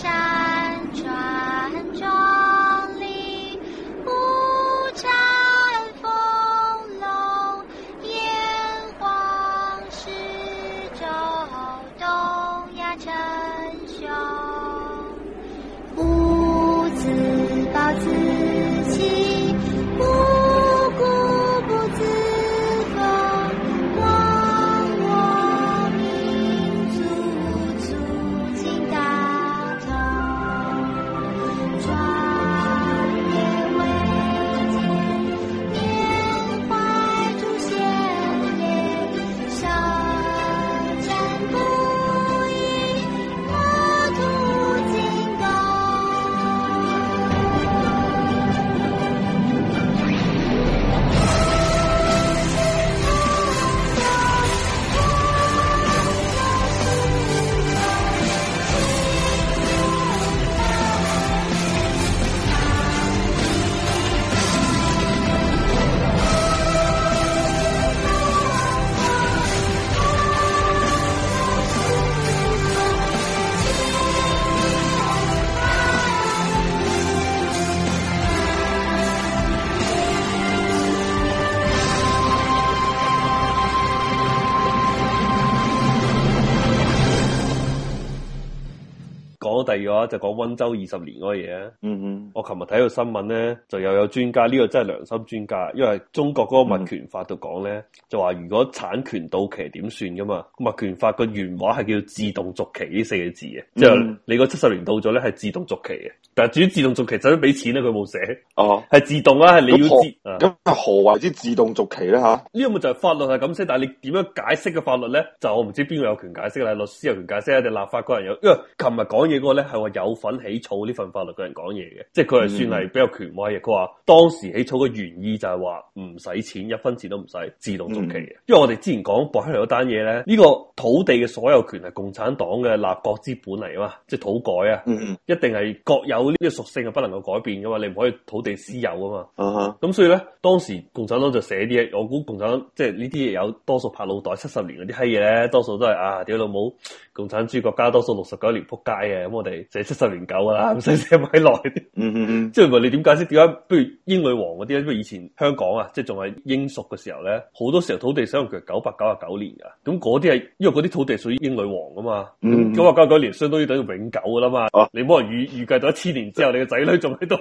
沙。第二個、啊、就講溫州二十年嗰個嘢啊，嗯嗯，我琴日睇到新聞咧，就又有專家呢、呢個真係良心專家，因為中國嗰個物權法度講咧，就話如果產權到期點算噶嘛？物權法個原話係叫自動續期呢四個字嘅、嗯，即係你個七十年到咗咧，係自動續期嘅。但係至於自動續期就唔使俾錢咧？佢冇寫，哦、啊，係自動是啊，係你要知咁何為之自動續期咧？嚇，呢個咪就係法律係咁寫，但係你點樣解釋個法律咧？就我唔知邊個有權解釋啦，律師有權解釋啊，定立法嗰人有。因為琴日講嘢個。係話有份起草呢份法律嘅人講嘢嘅，即係佢係算係比較權威嘅。佢、嗯、話當時起草嘅原意就係話唔使錢，一分錢都唔使，自動續期嘅、嗯。因為我哋之前講博興台嗰單嘢咧，呢、呢個。土地嘅所有權係共產黨嘅立國之本嚟啊嘛，即係土改啊，嗯、一定係國有呢啲屬性係不能夠改變嘅嘛，你唔可以土地私有啊嘛。咁、啊、所以咧，當時共產黨就寫啲嘢，我估共產黨即係呢啲嘢有多數拍腦袋七十年嗰啲閪嘢咧，多數都係啊屌老母，共產主義國家多數六十九年仆街嘅，咁我哋寫七十年夠啦，唔使寫咁耐。嗯、即係唔係你點解釋？點解不如英女王嗰啲咧？因為以前香港啊，即係仲係英屬嘅時候咧，好多時候土地使用權九百九十九年㗎，咁嗰啲係。因為嗰啲土地屬於英女王啊嘛，咁啊九九九年相當於等於永久噶啦嘛，oh. 你冇人預預計到一千年之後，你嘅仔女仲喺度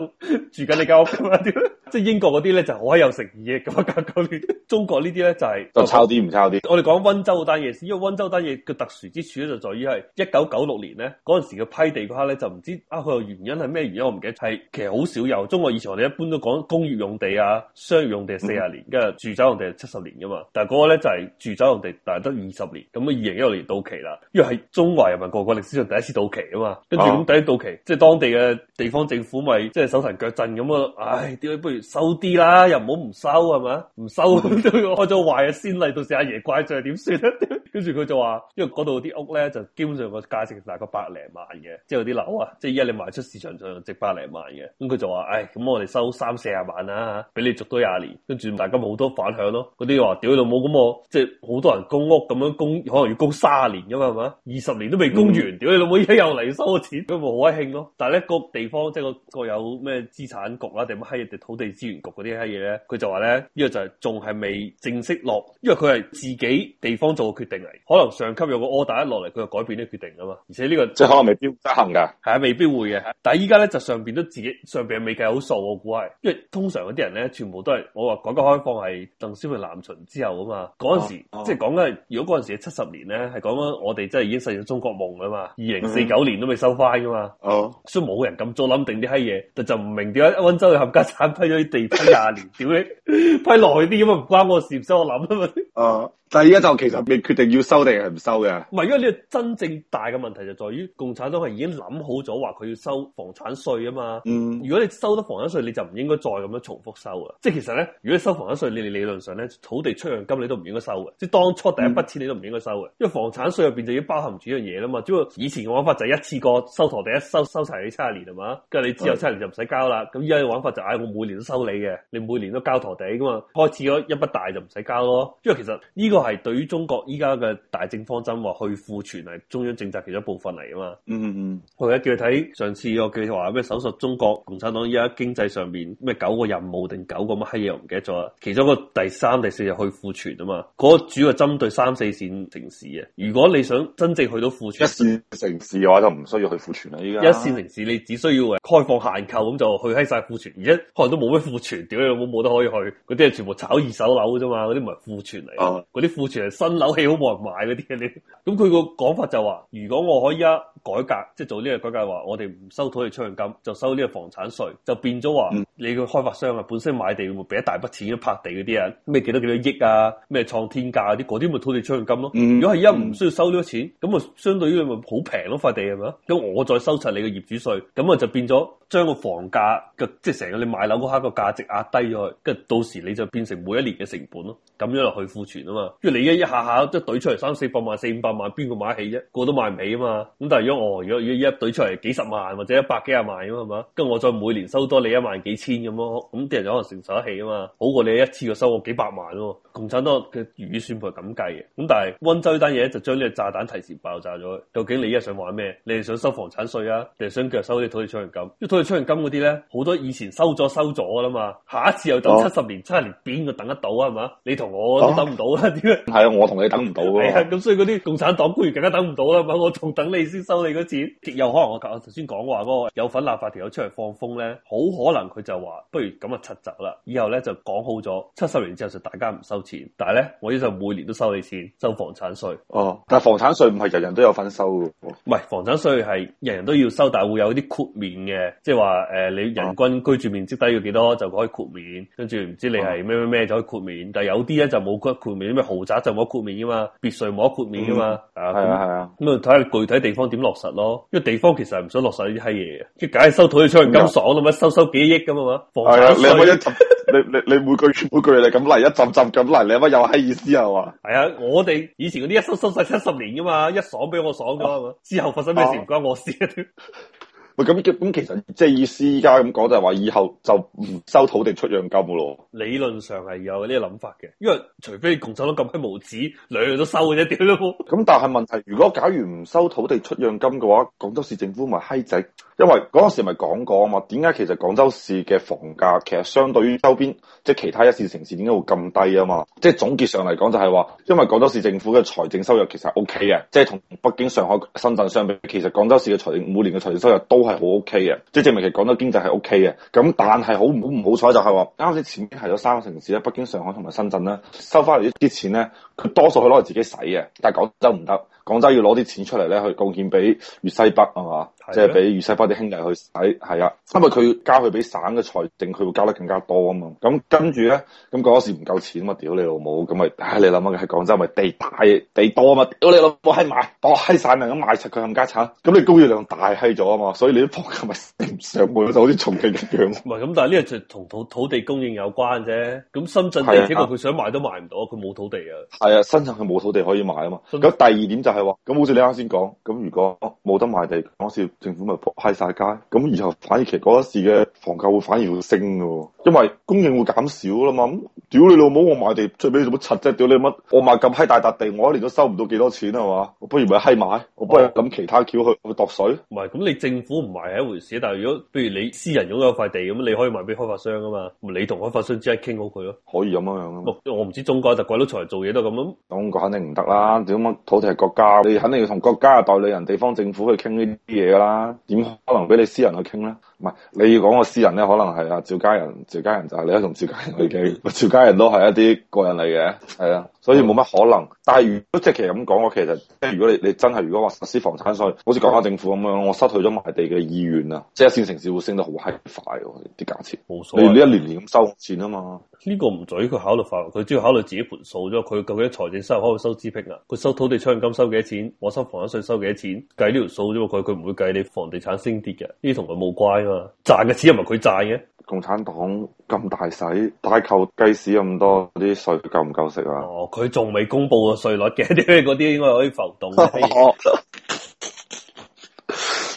住緊你間屋啊嘛？即 係英國嗰啲咧就好、是、喺有誠意嘅九九九年，中國呢啲咧就係、是。就抄啲唔抄啲？我哋講溫州嗰單嘢先，因為溫州單嘢嘅特殊之處咧就在於係一九九六年咧，嗰陣時嘅批地嗰下咧就唔知啊，佢個原因係咩原因我唔記得，係其實好少有。中國以前我哋一般都講工業用地啊、商業用地四十年，跟、mm -hmm. 住住宅用地七十年噶嘛，但係嗰個咧就係、是、住宅用地，但係得二十年咁二零一六年到期啦，因為係中華人民共和國歷史上第一次到期啊嘛，跟住咁第一到期，啊、即係當地嘅地方政府咪即係手騰腳震咁啊！唉、哎，屌，不如收啲啦，又唔好唔收係咪？唔收 開咗壞嘅先例，到時阿爺，爺怪罪點算啊？跟住佢就話，因為嗰度啲屋咧就基本上個價值大概百零萬嘅，即係啲樓啊，即係依家你賣出市場上值百零萬嘅，咁佢就話：唉、哎，咁我哋收三四廿萬啦，俾你續多廿年，跟住大家好多反響咯。嗰啲話：屌你老母咁我即係好多人供屋咁樣供，可能。要供卅年噶嘛，係嘛？二十年都未供完，屌、嗯、你老母，而家又嚟收我錢，咁咪好鬼興咯？但係咧個地方即係個有咩資產局啦，定乜閪土地資源局嗰啲閪嘢咧，佢就話咧呢個就係仲係未正式落，因為佢係自己地方做嘅決定嚟，可能上級有個 order 一落嚟，佢就改變啲決定噶嘛。而且呢、這個即係可能未必執行噶，係啊，未必會嘅。但係依家咧就上邊都自己上邊未計好數，我估係，因為通常嗰啲人咧全部都係我話改革開放係鄧小平南巡之後啊嘛，嗰陣時即係講緊如果嗰陣時七十年。年咧，係講緊我哋真係已經實現中國夢噶嘛，二零四九年都未收翻噶嘛，哦、mm -hmm. oh.，所以冇人咁早諗定啲閪嘢，但就唔明點解温州嘅冚家鏟批咗啲地批廿年， 屌你批耐啲咁啊？唔關我事，所以我諗啊嘛。 誒、uh,，但係而家就其實未決定要收定係唔收嘅。唔係，因為呢個真正大嘅問題就在於共產黨係已經諗好咗話佢要收房產稅啊嘛。嗯，如果你收得房產稅，你就唔應該再咁樣重複收嘅。即係其實咧，如果你收房產稅，你理論上咧土地出讓金你都唔應該收嘅。即係當初第一筆錢你都唔應該收嘅、嗯，因為房產稅入邊就已經包含住樣嘢啦嘛。只不過以前嘅玩法就係一次過收陀地，一收收齊你七十年係嘛，跟住你之後七年就唔使交啦。咁依家嘅玩法就係、是，我每年都收你嘅，你每年都交陀地噶嘛。開始咗一筆大就唔使交咯，因為其呢個係對於中國依家嘅大政方針話去庫存係中央政策其中一部分嚟啊嘛，嗯嗯嗯，我而家叫你睇上次我叫你話咩搜索中國共產黨依家經濟上面咩九個任務定九個乜閪嘢我唔記得咗啦，其中一個第三第四日去庫存啊嘛，嗰、那個主要係針對三四線城市啊，如果你想真正去到庫存，一線城市嘅話就唔需要去庫存啦，依家一線城市你只需要開放限購咁就去閪晒庫存，而家可能都冇咩庫存，屌你老母冇得可以去，嗰啲係全部炒二手樓嘅啫嘛，嗰啲唔係庫存嚟。啊！嗰啲庫存係新樓起好冇人買嗰啲嘅。你咁佢個講法就話，如果我可以一改革，即係做呢個改革，話我哋唔收土地出讓金，就收呢個房產稅，就變咗話，你個開發商啊本身買地會俾一大筆錢拍地嗰啲啊，咩幾多幾多億啊，咩創天價嗰啲，嗰啲咪土地出讓金咯。如果係一唔需要收呢個錢，咁啊相對於你咪好平咯塊地係咪？咁我再收齊你個業主稅，咁啊就變咗將個房價嘅即係成個你買樓嗰刻個價值壓低咗去，跟住到時你就變成每一年嘅成本咯，咁樣落去付。存啊嘛，即係你一一下下即都攤出嚟三四百萬、四五百萬，邊個買得起啫？個個都買唔起啊嘛。咁但係如果我、哦、如，如果而家攤出嚟幾十萬或者一百幾廿萬咁係嘛，跟住我再每年收多你一萬幾千咁咯。咁啲人就可能承受得起啊嘛，好過你一次就收我幾百萬喎、啊。共產黨嘅如意算盤係咁計嘅。咁但係溫州呢單嘢就將呢個炸彈提前爆炸咗。究竟你而家想玩咩？你係想收房產稅啊？定係想腳收啲土地出讓金？因為土地出讓金嗰啲咧好多以前收咗收咗㗎啦嘛，下一次又等七十年七十年，邊、啊、個等得到啊？係嘛？你同我都唔到點樣係啊？我同你等唔到咯。係、哎、啊，咁所以嗰啲共產黨官員更加等唔到啦。唔，我仲等你先收你嗰錢，又有可能我頭先講話嗰個有份立法條友出嚟放風咧，好可能佢就話，不如咁啊，七走啦。以後咧就講好咗，七十年之後就大家唔收錢。但係咧，我呢就每年都收你錢，收房產稅。哦，但係房產稅唔係人人都有份收噶，唔係，房產稅係人人都要收，但係會有啲豁免嘅，即係話誒，你人均居住面積低要幾多就可以豁免，跟住唔知你係咩咩咩就可以豁免。但係有啲咧就冇豁免咩？豪宅就冇豁免噶嘛，別墅冇豁免噶嘛，啊係啊係啊，咁啊睇下、嗯、具體地方點落實咯，因為地方其實唔想落實呢啲閪嘢，即係解收土地出去咁爽啦，咩、嗯、收收幾億咁啊嘛，係啊，你有冇一，你一 你你，你，你每月、每月你咁嚟一浸浸咁嚟，你，層層你有乜有閪意思係嘛？係啊，我哋以前嗰啲一收收晒七十年噶嘛，一爽俾我爽噶嘛、啊，之後發生咩事唔關我事啊。 喂，咁咁其實即係意思依家咁講就係話，以後就唔收土地出讓金咯。理論上係有呢個諗法嘅，因為除非共產黨咁鬼無恥，兩樣都收嘅啫，屌咯。咁但係問題，如果假如唔收土地出讓金嘅話，廣州市政府咪閪仔？因為嗰陣時咪講過啊嘛，點解其實廣州市嘅房價其實相對於周邊即係其他一線城市點解會咁低啊嘛？即係總結上嚟講就係話，因為廣州市政府嘅財政收入其實 O K 嘅，即係同北京、上海、深圳相比，其實廣州市嘅財政每年嘅財政收入都係好 OK 嘅，即係證明其實廣州經濟係 OK 嘅。咁但係好唔好唔好彩就係話，啱開始前邊係咗三個城市咧，北京、上海同埋深圳咧，收翻嚟啲錢咧，佢多數佢攞嚟自己使嘅，但係廣州唔得。廣州要攞啲錢出嚟咧，去貢獻俾粵西北啊嘛，即係俾粵西北啲兄弟去使。係啊，因為佢交去俾省嘅財政，佢會交得更加多啊嘛。咁跟住咧，咁嗰時唔夠錢啊嘛，屌你老母！咁咪、哎、你諗下喺廣州咪地大地多啊嘛，屌你老母閪賣，多閪散命咁賣出佢冚家產，咁你供應量大閪咗啊嘛，所以你啲房係咪上門就好似重慶一樣？唔係咁，但係呢個就同土土地供應有關啫。咁深圳地點，佢想賣都賣唔到，佢冇土地啊。係啊，深圳佢冇土地可以賣啊嘛。咁第二點就係、是。係咁好似你啱先講，咁如果冇得賣地，嗰時政府咪扑閪晒街，咁以後反而其實嗰時嘅房價會反而會升嘅，因為供應會減少啦嘛。咁屌你老母，我賣地最畀你做乜柒啫？屌你乜，我賣咁閪大笪地，我一年都收唔到幾多錢係嘛？不如咪閪埋，我不如諗其他橋去去度水。唔係咁，你政府唔係係一回事，但係如果譬如你私人擁有塊地咁，你可以賣俾開發商啊嘛。咁你同開發商即刻傾好佢咯，可以咁樣樣、啊、咯。我唔知中國特鬼佬做嘢都咁樣、啊。中國肯定唔得啦，點樣土地係國家，你肯定要同國家嘅代理人、地方政府去傾呢啲嘢㗎啦，點可能俾你私人去傾咧？唔係，你要講個私人咧，可能係阿趙家人，趙家人就係你一同趙家人去嘅，個趙家人都係一啲個人嚟嘅，係啊，所以冇乜可能。嗯、但係如果即係其實咁講，我其實即係如果你你真係如果話實施房產稅，好似廣州政府咁樣，我失去咗賣地嘅意願啊，即係一線城市會升得好閪快喎啲價錢。冇所謂，你你一年年咁收錢啊嘛。呢、呢個唔在於佢考慮法律，佢主要考慮自己盤數咗佢究竟財政收入可，可以收支匹啊？佢收土地出讓金收幾多錢，我收房產稅收幾多錢，計呢條數啫。佢佢唔會計你房地產升跌嘅，呢啲同佢冇關。賺嘅錢又唔係佢賺嘅？共產黨咁大使，大扣計史咁多啲稅夠唔夠食啊？哦，佢仲未公布個稅率嘅，啲嗰啲應該可以浮動。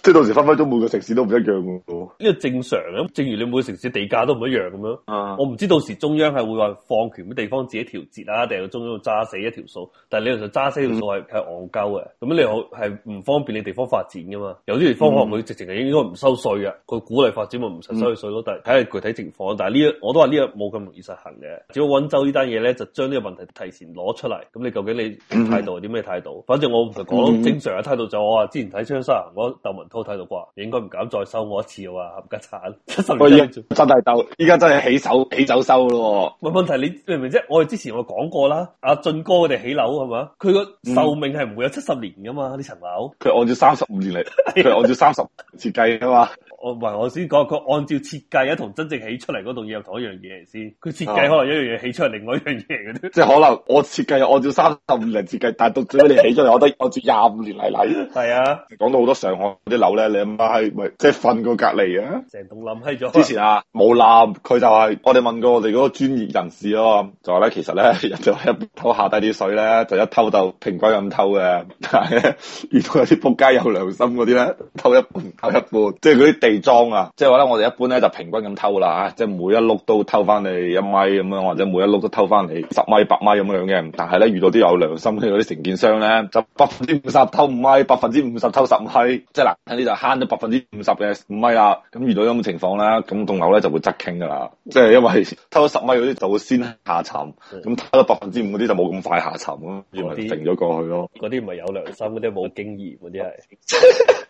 即係到時分分鐘每個城市都唔一樣喎，呢個正常嘅，咁、嗯、正如你每個城市地價都唔一樣咁樣。啊，我唔知到時中央係會話放權俾地方自己調節啊，定係中央揸死一條數？但係、嗯、你又想揸死條數係係憨鳩嘅，咁你好係唔方便你地方發展㗎嘛？有啲地方可能佢直情係應該唔收稅嘅，佢鼓勵發展咪唔使收佢稅咯。但係睇下具體情況。但係呢，我都話呢個冇咁容易實行嘅。只要溫州呢單嘢咧，就將呢個問題提前攞出嚟。咁你究竟你態度係啲咩態度？反正我唔係講正常嘅態度就我話之前睇《鏘鏘三人行》，竇文濤。睇到啩，你應該唔敢再收我一次哇！冚家鏟七十年，現在真係斗，依家真係起手起走收咯。冇問題，你明唔明即係？我哋之前我哋講過啦，阿、啊、俊哥佢哋起樓係嘛？佢個壽命係唔會有七十年噶嘛？呢層樓佢按照三十五年嚟，佢按照三十設計嘅嘛？ 我唔係我先講，佢按照設計，一同真正起出嚟嗰棟嘢有同一樣嘢嚟先。佢設計可能一樣嘢起出嚟，另外一樣嘢嚟嘅。即係可能我設計按照三十五年嚟設計，但係到最尾你起出嚟，我得我住廿五年嚟嚟。係啊，講到好多上海啲樓咧，你媽閪咪即係瞓過隔籬啊？成棟冧喺咗。之前啊冇冧，佢就係我哋問過我哋嗰個專業人士咯、啊，就話咧其實咧，就一偷下低啲水咧，就一偷就平均咁偷嘅。但係咧，如果有啲仆街有良心嗰啲咧，偷一半偷一半，即係啲啊，即係話咧，我哋一般咧就平均咁偷啦吓，即係每一碌都偷翻你一米咁樣，或者每一碌都偷翻你十米、百米咁樣嘅。但係咧遇到啲有良心嘅嗰啲承建商咧，就百分之五十偷五米，百分之五十偷十米，即係嗱，你就慳咗百分之五十嘅五米啦。咁遇到咁嘅情況咧，咁棟樓咧就會側傾噶啦，即係因為偷咗十米嗰啲就會先下沉，咁偷咗百分之五嗰啲就冇咁快下沉咯，咪定咗過去咯。嗰啲唔係有良心，嗰啲冇經驗，嗰啲係。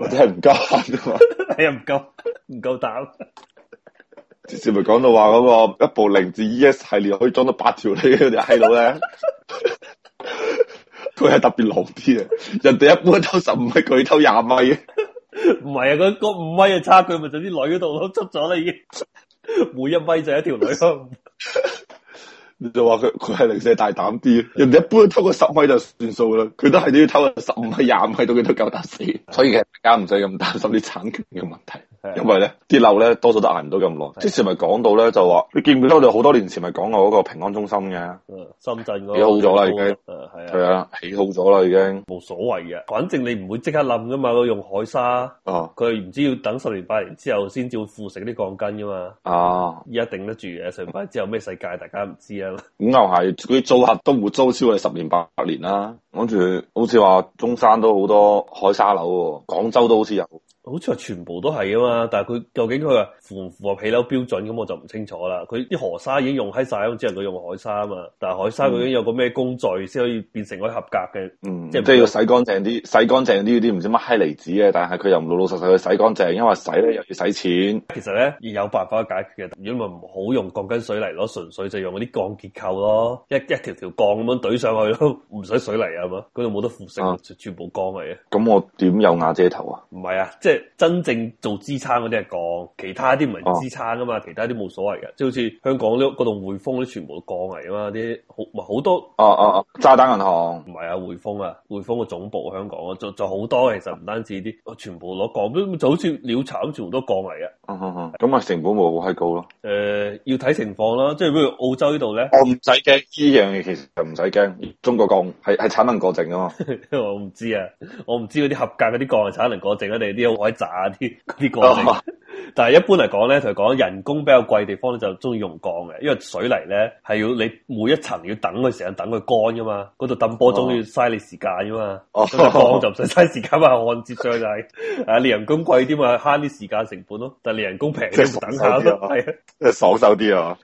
或者係唔夠啫嘛，啊、 哎，唔夠，唔夠膽。之前咪講到話嗰個一部凌志 E S 系列可以裝到八條你嗰條閪佬咧，佢 係 特別老啲啊！人哋一般偷十五米，佢偷廿米。嘅，唔係啊，嗰，嗰五米嘅差距咪就啲女度咯，執咗啦已經。每一米就一條女咯。 你就話佢佢係零舍大膽啲，人哋一般偷個十米就算數啦，佢都係都要偷十五米，廿 五米，二米到都幾多夠膽死，所以其實大家唔使咁擔心啲產權嘅問題，因為咧啲樓咧多數都捱唔到咁耐。 之前咪講到咧就話，你記唔記得我哋好多年前咪講過嗰個平安中心嘅？深圳起好咗啦，已經，係啊，係啊，起好咗啦，已經，冇所謂嘅，反正你唔會即刻冧噶嘛，用海沙，佢、啊、唔知要等十年八年之後先至會腐蝕啲鋼筋噶嘛，啊，而家頂得住嘅，上班之後咩世界大家唔知啊，咁又係，佢租客都唔租超過十年八年啦，跟住好似話中山都好多海沙樓，廣州都好似有。好似話全部都係啊嘛，但係佢究竟佢話符唔符合起樓標準咁，我就唔清楚啦。佢啲河沙已經用喺晒，咁只係佢用海沙啊嘛。但係海沙究竟有個咩工序先可以變成嗰啲合格嘅？嗯，即係要洗乾淨啲，洗乾淨啲嗰啲唔知乜閪離子嘅。但係佢又唔老老實實去洗乾淨，因為洗咧又要使錢。其實咧有辦法解決嘅，如果咪唔好用鋼筋水泥咯，純粹就用嗰啲鋼結構咯，一一條條鋼咁樣懟上去咯，唔 使水泥有啊嘛，嗰度冇得腐蝕，全部鋼嚟嘅。咁我點有瓦遮頭啊？唔係啊，即係。真正做支撐嗰啲係其他啲唔係支撐噶嘛、啊，其他啲冇所謂嘅，即係好似香港呢度棟匯豐啲全部都降嚟啊嘛，啲好唔係好多哦哦哦，渣打銀行唔係啊匯豐啊匯豐嘅總部香港啊，仲仲好多其實唔單止啲、啊、全部攞降，就好似鳥巢全部都降嚟啊，咁啊、嗯、啊成本冇咁高咯，誒、呃、要睇情況啦，即係比如澳洲呢度咧，我唔使驚呢樣嘢，其實就唔使驚，中國降係係產能過剩啊嘛， 我唔知啊，我唔知嗰啲合格嗰啲降係產能過剩啊定啲海炸啲啲降但係一般嚟講咧，同佢講人工比較貴嘅地方咧，就中意用鋼嘅，因為水泥咧係要你每一層要等嘅時間，等佢乾㗎嘛，嗰度揼波鐘要嘥你時間㗎嘛，咁、哦、鋼就唔使嘥時間嘛，哦、按接上去就係、是、誒，你、 啊、人工貴啲嘛，慳啲時間成本咯，但係你人工平，等下都係啊，一即係爽手啲啊！